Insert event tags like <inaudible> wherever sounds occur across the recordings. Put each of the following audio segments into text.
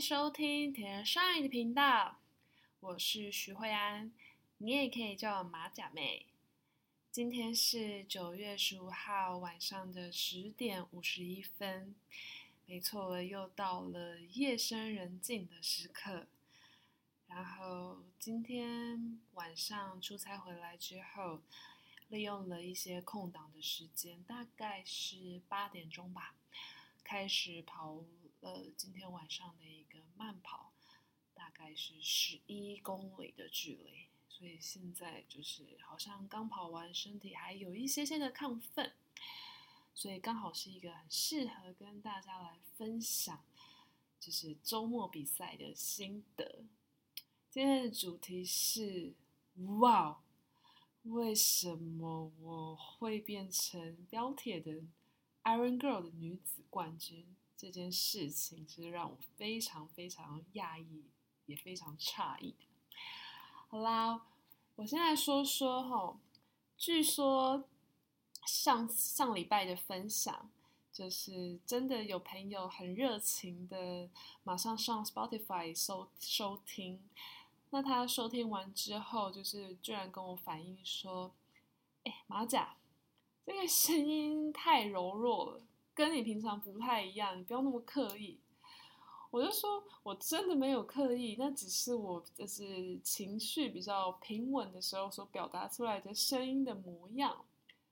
收聽鐵人 Shine 的頻道，我是徐慧安，你也可以叫我馬甲妹。今天是九月十五號晚上的十點五十一分，沒錯，又到了夜深人靜的時刻。然後今天晚上出差回來之後，利用了一些空檔的時間，大概是八點鐘吧，開始跑。呃，今天晚上的一個慢跑，大概是十一公里的距離，所以現在就是好像剛跑完，身體還有一些些的亢奮，所以剛好是一個很適合跟大家來分享，就是周末比賽的心得。今天的主題是：哇，wow，為什麼我會變成標鐵的 Iron Girl 的女子冠軍？這件事情其實讓我非常非常訝異，也非常詫異。好啦，我先來說說哈，據說上上禮拜的分享，就是真的有朋友很熱情的馬上上 Spotify 收收聽。那他收聽完之後，就是居然跟我反映說：“哎，馬甲，這個聲音太柔弱了。”跟你平常不太一樣，你不要那麼刻意。我就說，我真的沒有刻意，那只是我就是情緒比較平穩的時候所表達出來的聲音的模樣。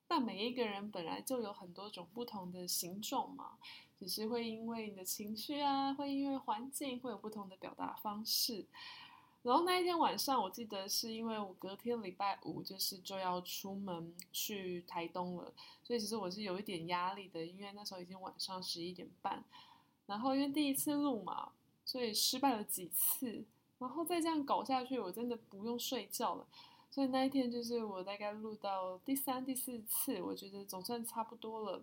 那每一個人本來就有很多種不同的形狀嘛，只是會因為你的情緒啊，會因為環境，會有不同的表達方式。然後那一天晚上，我記得是因為我隔天禮拜五就是就要出門去台東了，所以其實我是有一點壓力的，因為那時候已經晚上十一點半，然後因為第一次錄嘛，所以失敗了幾次，然後再這樣搞下去，我真的不用睡覺了。所以那一天就是我大概錄到第三、第四次，我覺得總算差不多了，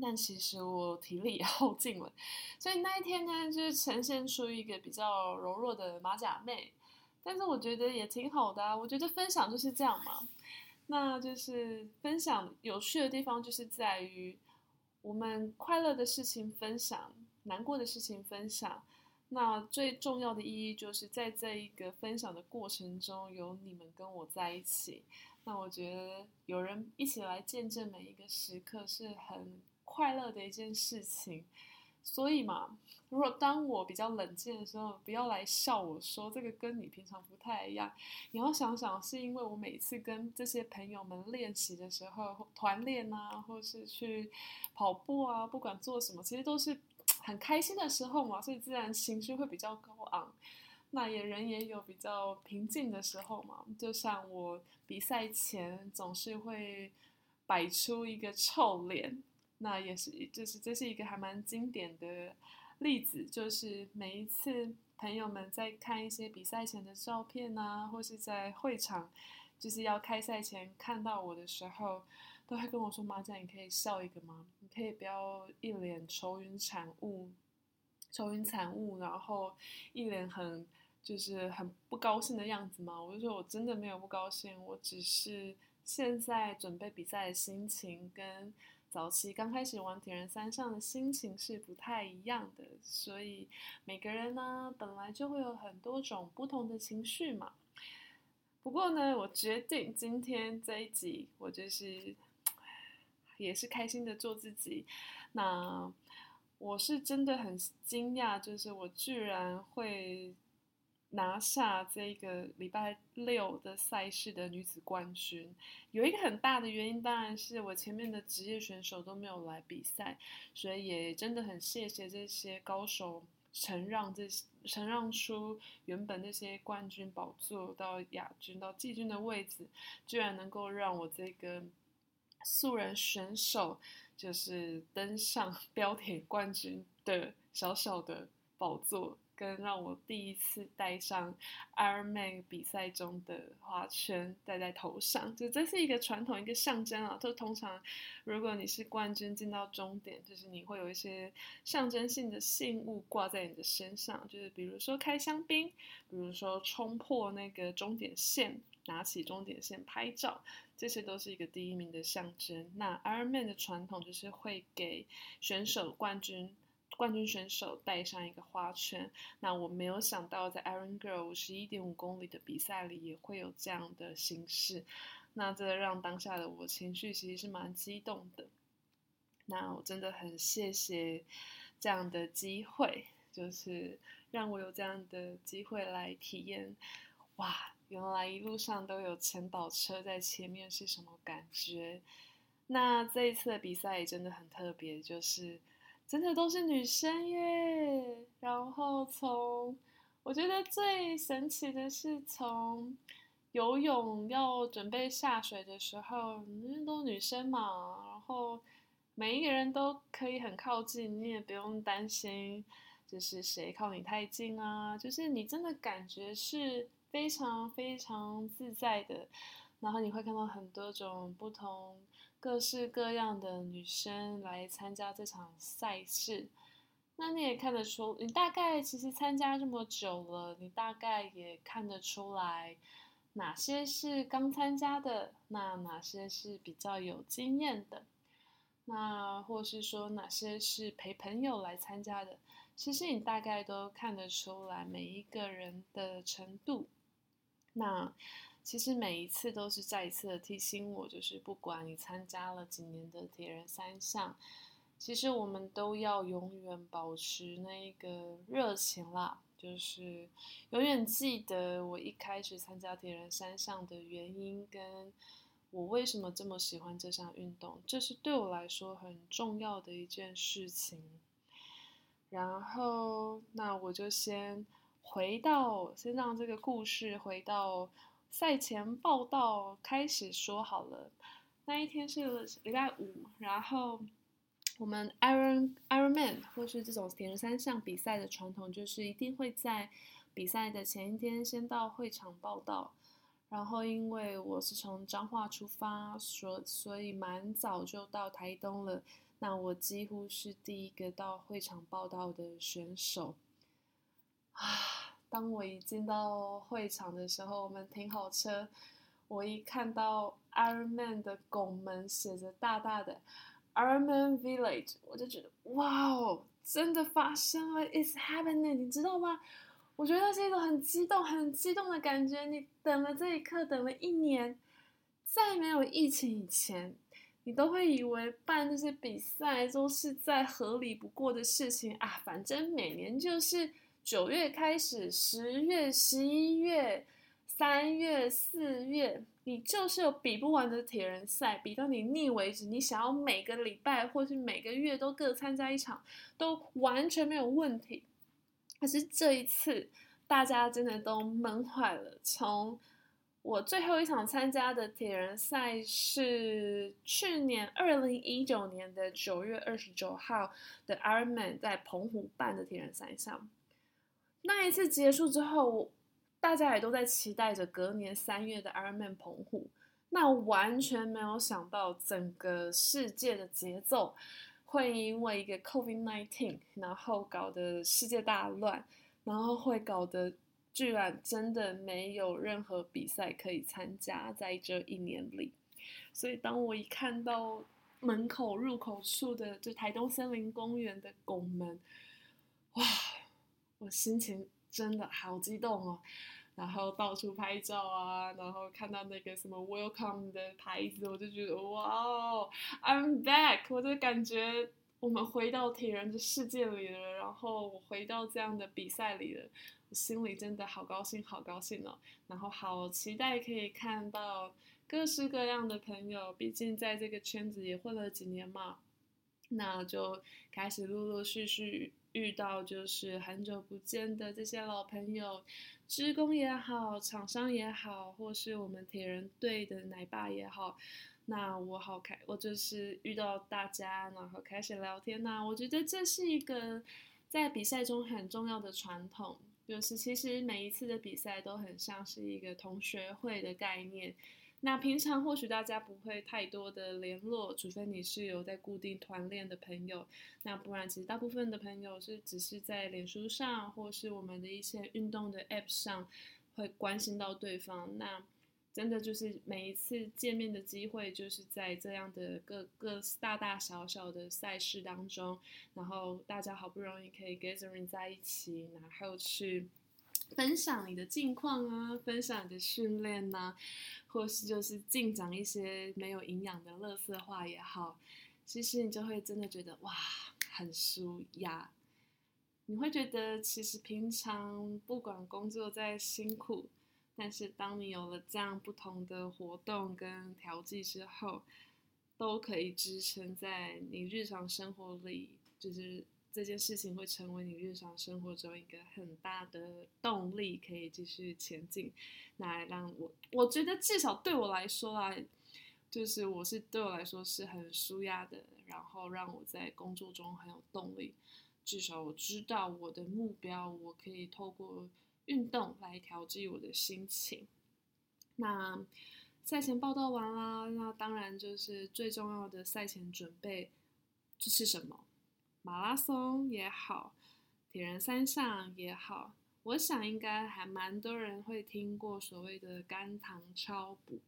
但其實我體力也耗盡了，所以那一天呢，就是呈現出一個比較柔弱的馬甲妹。但是我覺得也挺好的啊，我覺得分享就是這樣嘛，那就是分享有趣的地方，就是在於我們快樂的事情分享，難過的事情分享。那最重要的意義就是在這一個分享的過程中，有你們跟我在一起，那我覺得有人一起來見證每一個時刻，是很快樂的一件事情。所以嘛，如果當我比較冷靜的時候，不要來笑我說這個跟你平常不太一樣。你要想想，是因為我每次跟這些朋友們練習的時候，團練啊，或是去跑步啊，不管做什麼，其實都是很開心的時候嘛，所以自然情緒會比較高昂。那也人也有比較平靜的時候嘛，就像我比賽前總是會擺出一個臭臉。那也是，就是這是一個還蠻經典的例子，就是每一次朋友們在看一些比賽前的照片吶、啊，或是在會場，就是要開賽前看到我的時候，都會跟我說：“馬甲，你可以笑一個嗎？你可以不要一臉愁雲慘霧，愁雲慘霧，然後一臉很就是很不高興的樣子嗎？”我就說：“我真的沒有不高興，我只是現在準備比賽的心情跟。”早期剛開始玩《鐵人三項》的心情是不太一樣的，所以每個人呢、啊，本來就會有很多種不同的情緒嘛。不過呢，我決定今天這一集，我就是也是開心的做自己。那我是真的很驚訝，就是我居然會。拿下這個禮拜六的賽事的女子冠軍，有一個很大的原因，當然是我前面的職業選手都沒有來比賽，所以也真的很謝謝這些高手承讓，這，承讓出原本那些冠軍寶座到亞軍到季軍的位置，居然能夠讓我這個素人選手就是登上標鐵冠軍的小小的寶座。跟讓我第一次戴上 Ironman 比賽中的花圈戴在頭上。就這是一個傳統，一個象徵啊。就通常，如果你是冠軍進到終點，就是你會有一些象徵性的信物掛在你的身上，就是比如說開香檳，比如說衝破那個終點線，拿起終點線拍照，這些都是一個第一名的象徵。那 Ironman 的傳統就是會給選手冠軍。冠軍選手戴上一個花圈，那我沒有想到在 Iron Girl 五十一點五公里的比賽裡也會有這樣的形式，那這讓當下的我情緒其實是蠻激動的。那我真的很謝謝這樣的機會，就是讓我有這樣的機會來體驗，哇，原來一路上都有前導車在前面是什麼感覺？那這一次的比賽也真的很特別，就是。真的都是女生耶，然後從我覺得最神奇的是從游泳要準備下水的時候，因為都女生嘛，然後每一個人都可以很靠近，你也不用擔心就是誰靠你太近啊，就是你真的感覺是非常非常自在的，然後你會看到很多種不同。各式各樣的女生來參加這場賽事，那你也看得出，你大概其實參加這麼久了，你大概也看得出來，哪些是剛參加的，那哪些是比較有經驗的，那或是說哪些是陪朋友來參加的，其實你大概都看得出來每一個人的程度，那。其實每一次都是再一次的提醒我，就是不管你參加了幾年的鐵人三項，其實我們都要永遠保持那一個熱情啦。就是永遠記得我一開始參加鐵人三項的原因，跟我為什麼這麼喜歡這項運動，這是對我來說很重要的一件事情。然後，那我就先回到，先讓這個故事回到。賽前報道開始說好了，那一天是禮拜五，然後我們 Iron, Ironman 或是這種鐵人三項比賽的傳統就是一定會在比賽的前一天先到會場報道，然後因為我是從彰化出發，所所以蠻早就到台東了，那我幾乎是第一個到會場報道的選手，啊。當我一進到會場的時候，我們停好車，我一看到 Iron Man 的拱門寫着大大的 Iron Man Village，我就覺得哇哦，真的發生了，It's happening，你知道嗎？我覺得是一個很激動、很激動的感覺。你等了這一刻，等了一年，在沒有疫情以前，你都會以為辦這些比賽都是再合理不過的事情啊。反正每年就是。九月開始，十月、十一月、三月、四月，你就是有比不完的鐵人賽，比到你膩為止。你想要每個禮拜或是每個月都各參加一場，都完全沒有問題。可是這一次，大家真的都悶壞了。從我最後一場參加的鐵人賽是去年二零一九年的九月二十九號的 Ironman，在澎湖辦的鐵人賽上。那一次結束之後，大家也都在期待着隔年三月的 Ironman 澎湖。那完全沒有想到整個世界的節奏會因為一個 COVID-19，然後搞得世界大亂，然後會搞得居然真的沒有任何比賽可以參加在這一年裡。所以當我一看到門口入口處的就台東森林公園的拱門。我心情真的好激動哦，然後到處拍照啊，然後看到那個什麼 “Welcome” 的牌子，我就覺得哇，I'm back！我就感覺我們回到鐵人的世界裡了，然後我回到這樣的比賽裡了，我心裡真的好高興，好高興哦，然後好期待可以看到各式各樣的朋友，畢竟在這個圈子也混了幾年嘛。那就開始陸陸續續遇到，就是很久不見的這些老朋友，職工也好，廠商也好，或是我們鐵人隊的奶爸也好，那我好開，我就是遇到大家，然後開始聊天吶。我覺得這是一個在比賽中很重要的傳統，就是其實每一次的比賽都很像是一個同學會的概念。那平常或許大家不會太多的聯絡，除非你是有在固定團練的朋友，那不然其實大部分的朋友是只是在臉書上，或是我們的一些運動的 App 上會關心到對方。那真的就是每一次見面的機會，就是在這樣的各各大大小小的賽事當中，然後大家好不容易可以 gathering 在一起，然後去。分享你的近況啊，分享你的訓練吶，或是就是淨講一些沒有營養的垃圾話也好，其實你就會真的覺得哇，很舒壓。你會覺得其實平常不管工作再辛苦，但是當你有了這樣不同的活動跟調劑之後，都可以支撐在你日常生活裡，就是。這件事情會成為你日常生活中一個很大的動力，可以繼續前進。那讓我，我覺得至少對我來說啊，就是我是對我來說是很舒壓的，然後讓我在工作中很有動力。至少我知道我的目標，我可以透過運動來調劑我的心情。那賽前報道完啦，那當然就是最重要的賽前準備，這是什麼？馬拉松也好，鐵人三項也好，我想應該還蠻多人會聽過所謂的肝糖超補。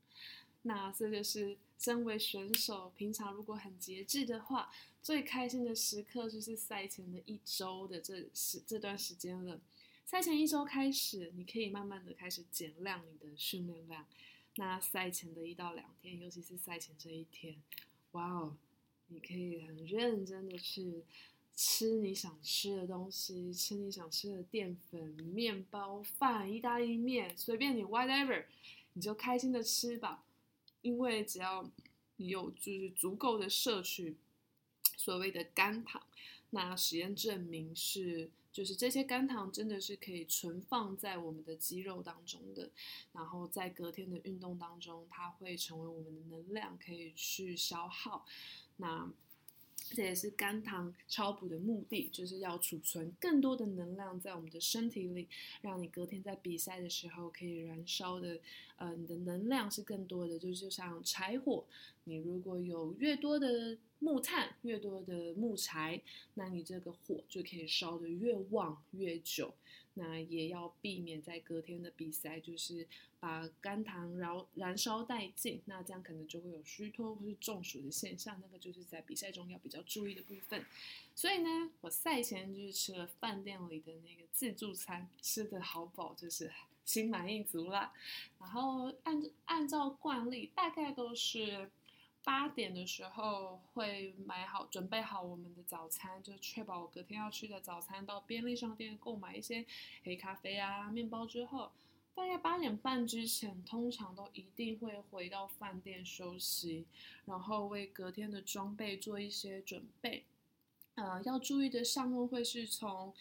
那這就是身為選手，平常如果很節制的話，最開心的時刻就是賽前的一周的這這段時間了。賽前一周開始，你可以慢慢的開始減量你的訓練量。那賽前的一到兩天，尤其是賽前這一天，哇哦！你可以很認真的去吃你想吃的東西，吃你想吃的澱粉、麵包、飯、意大利麵，隨便你，whatever，你就開心的吃吧。因為只要你有就是足夠的攝取所謂的肝糖，那實驗證明是就是這些肝糖真的是可以存放在我們的肌肉當中的，然後在隔天的運動當中，它會成為我們的能量可以去消耗。那這也是肝糖超補的目的，就是要儲存更多的能量在我們的身體裡，讓你隔天在比賽的時候可以燃燒的，呃，你的能量是更多的，就是、就像柴火，你如果有越多的木炭，越多的木柴，那你這個火就可以燒得越旺越久。那也要避免在隔天的比賽，就是把肝糖燃燃燒殆盡，那這樣可能就會有虛脫或是中暑的現象，那個就是在比賽中要比較注意的部分。所以呢，我賽前就是吃了飯店裡的那個自助餐，吃得好飽，就是心滿意足啦。然後按按照慣例，大概都是。八點的時候會買好，準備好我們的早餐，就確保隔天要吃的早餐，到便利商店購買一些黑咖啡啊、麵包之後，大概八點半之前，通常都一定會回到飯店休息，然後為隔天的裝備做一些準備。呃，要注意的項目會是從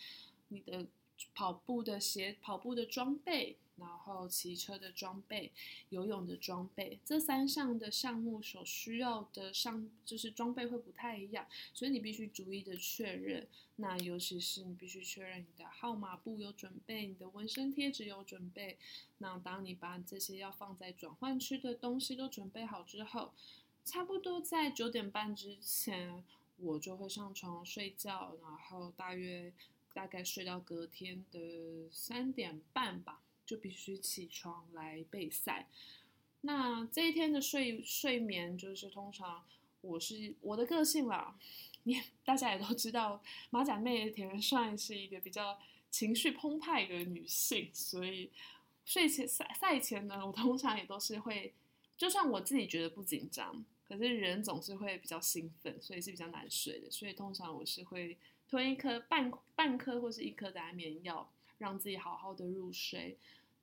你的跑步的鞋、跑步的裝備。然後騎車的裝備、游泳的裝備，這三項的項目所需要的上就是裝備會不太一樣，所以你必須逐一的確認。那尤其是你必須確認你的號碼布有準備，你的紋身貼紙有準備。那當你把這些要放在轉換區的東西都準備好之後，差不多在九點半之前，我就會上床睡覺，然後大約大概睡到隔天的三點半吧。就必須起床來備賽。那這一天的睡睡眠就是，通常我是，我的個性啦，你大家也都知道，馬甲妹也鐵人 Shine 一個比較情緒澎湃的女性，所以睡前賽賽前呢，我通常也都是會，就算我自己覺得不緊張，可是人總是會比較興奮，所以是比較難睡的。所以通常我是會吞一顆半半顆或是一顆的安眠藥，讓自己好好的入睡。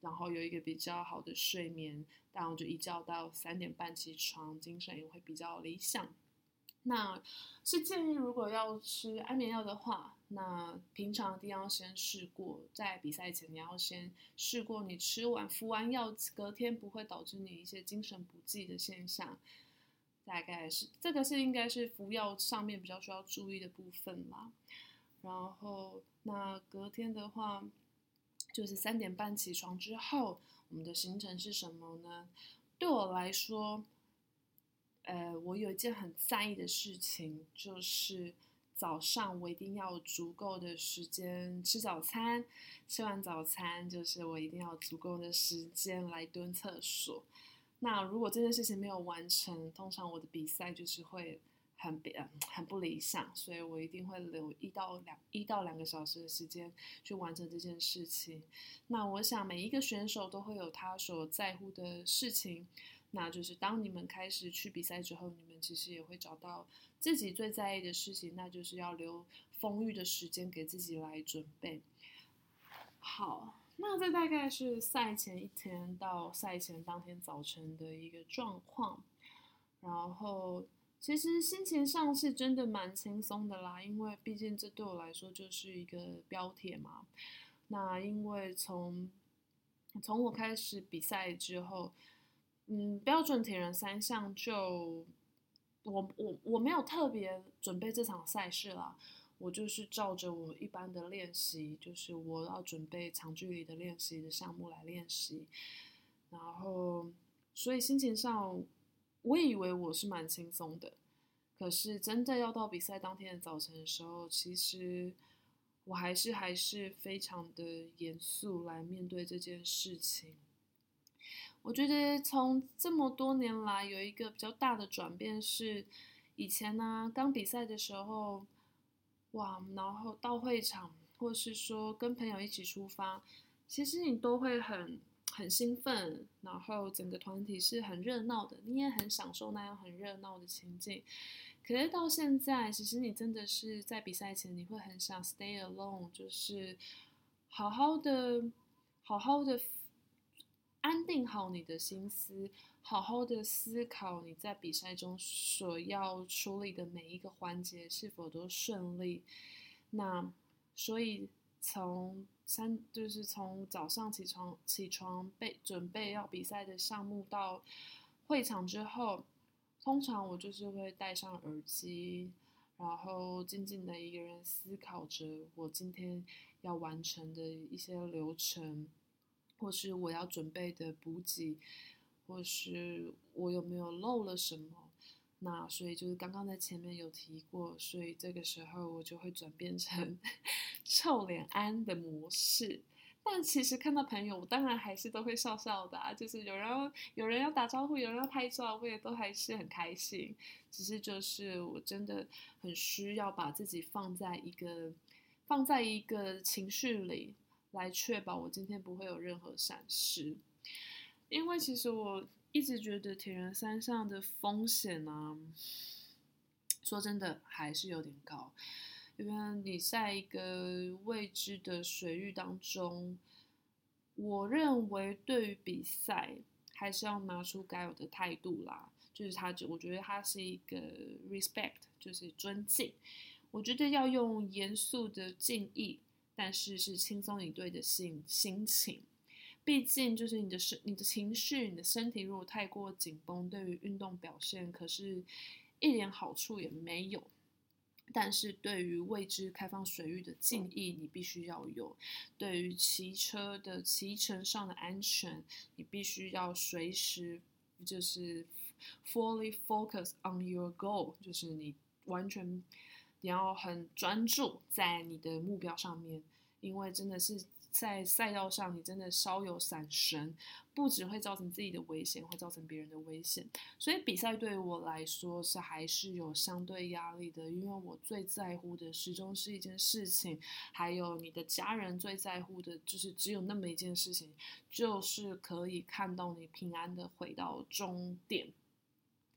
然後有一個比較好的睡眠，然後就一覺到三點半起床，精神也會比較理想。那是建議，如果要吃安眠藥的話，那平常一定要先試過，在比賽前你要先試過，你吃完服完藥，隔天不會導致你一些精神不濟的現象。大概是這個是應該是服藥上面比較需要注意的部分啦。然後那隔天的話。就是三點半起床之後，我們的行程是什麼呢？對我來說，呃，我有一件很在意的事情，就是早上我一定要足夠的時間吃早餐。吃完早餐，就是我一定要足夠的時間來蹲廁所。那如果這件事情沒有完成，通常我的比賽就是會。很不很不理想，所以我一定會留一到兩一到兩個小時的時間去完成這件事情。那我想每一個選手都會有他所在乎的事情，那就是當你們開始去比賽之後，你們其實也會找到自己最在意的事情，那就是要留充裕的時間給自己來準備。好，那這大概是賽前一天到賽前當天早晨的一個狀況，然後。其實心情上是真的蠻輕鬆的啦，因為畢竟這對我來說就是一個標鐵嘛。那因為從從我開始比賽之後，嗯，標準鐵人三項就我我我沒有特別準備這場賽事啦，我就是照着我一般的練習，就是我要準備長距離的練習的項目來練習，然後所以心情上。我以為我是蠻輕鬆的，可是真正要到比賽當天的早晨的時候，其實我還是還是非常的嚴肅來面對這件事情。我覺得從這麼多年來有一個比較大的轉變是，以前呢、啊、剛比賽的時候，哇，然後到會場或是說跟朋友一起出發，其實你都會很。很興奮，然後整個團體是很熱鬧的，你也很享受那樣很熱鬧的情景。可是到現在，其實你真的是在比賽前，你會很想 stay alone，就是好好的、好好的安定好你的心思，好好的思考你在比賽中所要處理的每一個環節是否都順利。那所以從三就是從早上起床，起床備準備要比賽的項目到會場之後，通常我就是會戴上耳機，然後靜靜的一個人思考着我今天要完成的一些流程，或是我要準備的補給，或是我有沒有漏了什麼。那所以就是剛剛在前面有提過，所以這個時候我就會轉變成 <laughs> 臭臉安的模式。但其實看到朋友，我當然還是都會笑笑的啊，就是有人有人要打招呼，有人要拍照，我也都還是很開心。只是就是我真的很需要把自己放在一個放在一個情緒裡，來確保我今天不會有任何閃失。因為其實我。一直覺得鐵人三項的風險呢、啊，說真的還是有點高，因為你在一個未知的水域當中。我認為對於比賽，還是要拿出該有的態度啦，就是他，我覺得他是一個 respect，就是尊敬，我覺得要用嚴肅的敬意，但是是輕鬆以對的心心情。畢竟，就是你的身、你的情緒、你的身體，如果太過緊繃，對於運動表現可是一點好處也沒有。但是，對於未知開放水域的敬意，你必須要有；對於騎車的騎乘上的安全，你必須要隨時就是 fully focus on your goal，就是你完全你要很專注在你的目標上面，因為真的是。在賽道上，你真的稍有閃神，不只會造成自己的危險，會造成別人的危險。所以比賽對我來說是還是有相對壓力的，因為我最在乎的始終是一件事情，還有你的家人最在乎的就是只有那麼一件事情，就是可以看到你平安的回到終點。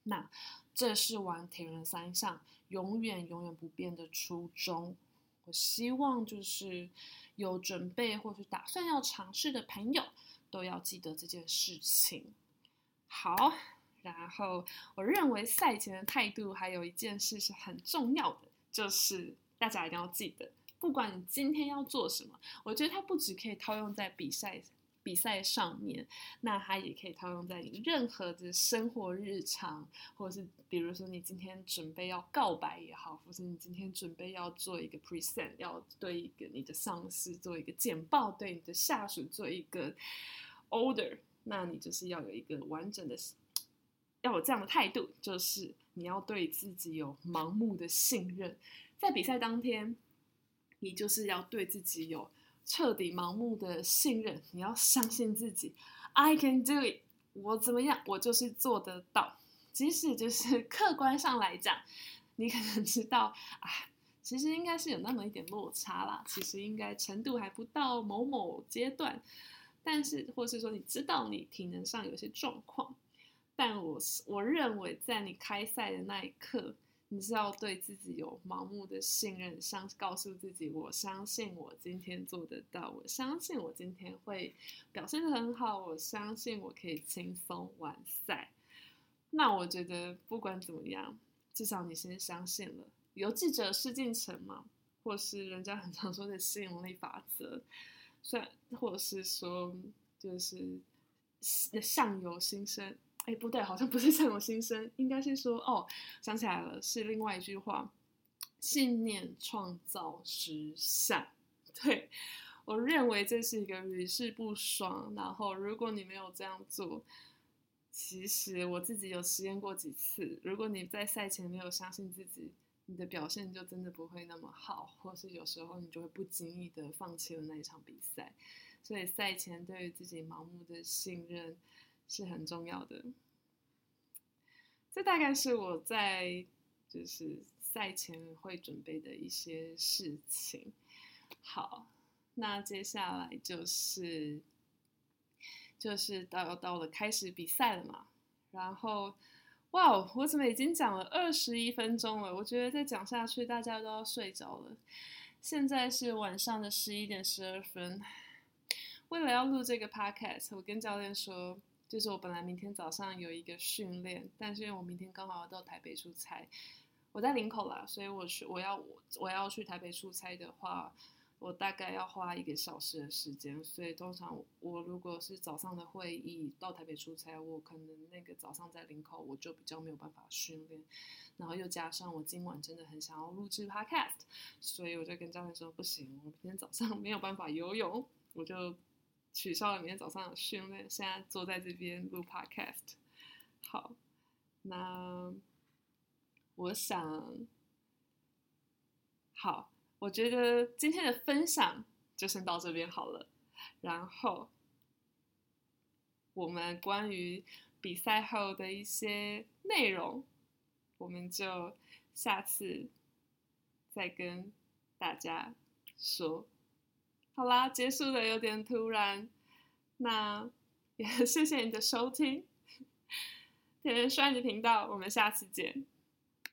那這是玩鐵人三項永遠永遠不變的初衷。希望就是有準備或是打算要嘗試的朋友，都要記得這件事情。好，然後我認為賽前的態度還有一件事是很重要的，就是大家一定要記得，不管你今天要做什麼，我覺得它不只可以套用在比賽比賽上面，那它也可以套用在你任何的生活日常，或是比如說你今天準備要告白也好，或是你今天準備要做一個 present，要對一個你的上司做一個簡報，對你的下屬做一個 order，那你就是要有一個完整的，要有這樣的態度，就是你要對自己有盲目的信任，在比賽當天，你就是要對自己有。徹底盲目的信任，你要相信自己，I can do it，我怎麼樣，我就是做得到。即使就是客觀上來講，你可能知道啊，其實應該是有那麼一點落差啦，其實應該程度還不到某某階段。但是，或是說你知道你體能上有些狀況，但我我認為在你開賽的那一刻。你是要對自己有盲目的信任，想告訴自己，我相信我今天做得到，我相信我今天會表現得很好，我相信我可以輕鬆完賽。那我覺得不管怎麼樣，至少你先相信了，有志者事竟成嘛，或是人家很常說的吸引力法則，算，或者是說就是相由心生。哎，不對，好像不是這種心聲，應該是說哦，想起來了，是另外一句話：信念創造時善。對，我認為這是一個屢試不爽。然後，如果你沒有這樣做，其實我自己有實驗過幾次。如果你在賽前沒有相信自己，你的表現就真的不會那麼好，或是有時候你就會不經意的放棄了那一場比賽。所以，賽前對於自己盲目的信任，是很重要的，這大概是我在就是賽前會準備的一些事情。好，那接下來就是就是到要到了開始比賽了嘛。然後，哇哦，我怎麼已經講了二十一分鐘了？我覺得再講下去大家都要睡着了。現在是晚上的十一點十二分。為了要錄這個 podcast，我跟教練說。就是我本來明天早上有一個訓練，但是因為我明天剛好要到台北出差，我在林口啦，所以我去我要我要去台北出差的話，我大概要花一個小時的時間，所以通常我，我如果是早上的會議到台北出差，我可能那個早上在林口我就比較沒有辦法訓練，然後又加上我今晚真的很想要錄製 podcast，所以我就跟教練說不行，我明天早上沒有辦法游泳，我就。取消了明天早上的訓練，現在坐在這邊錄 Podcast。好，那我想，好，我覺得今天的分享就先到這邊好了。然後我們關於比賽後的一些內容，我們就下次再跟大家說。好啦，結束的有點突然，那也謝謝你的收聽，鐵人 Shine 的頻道，我們下次見。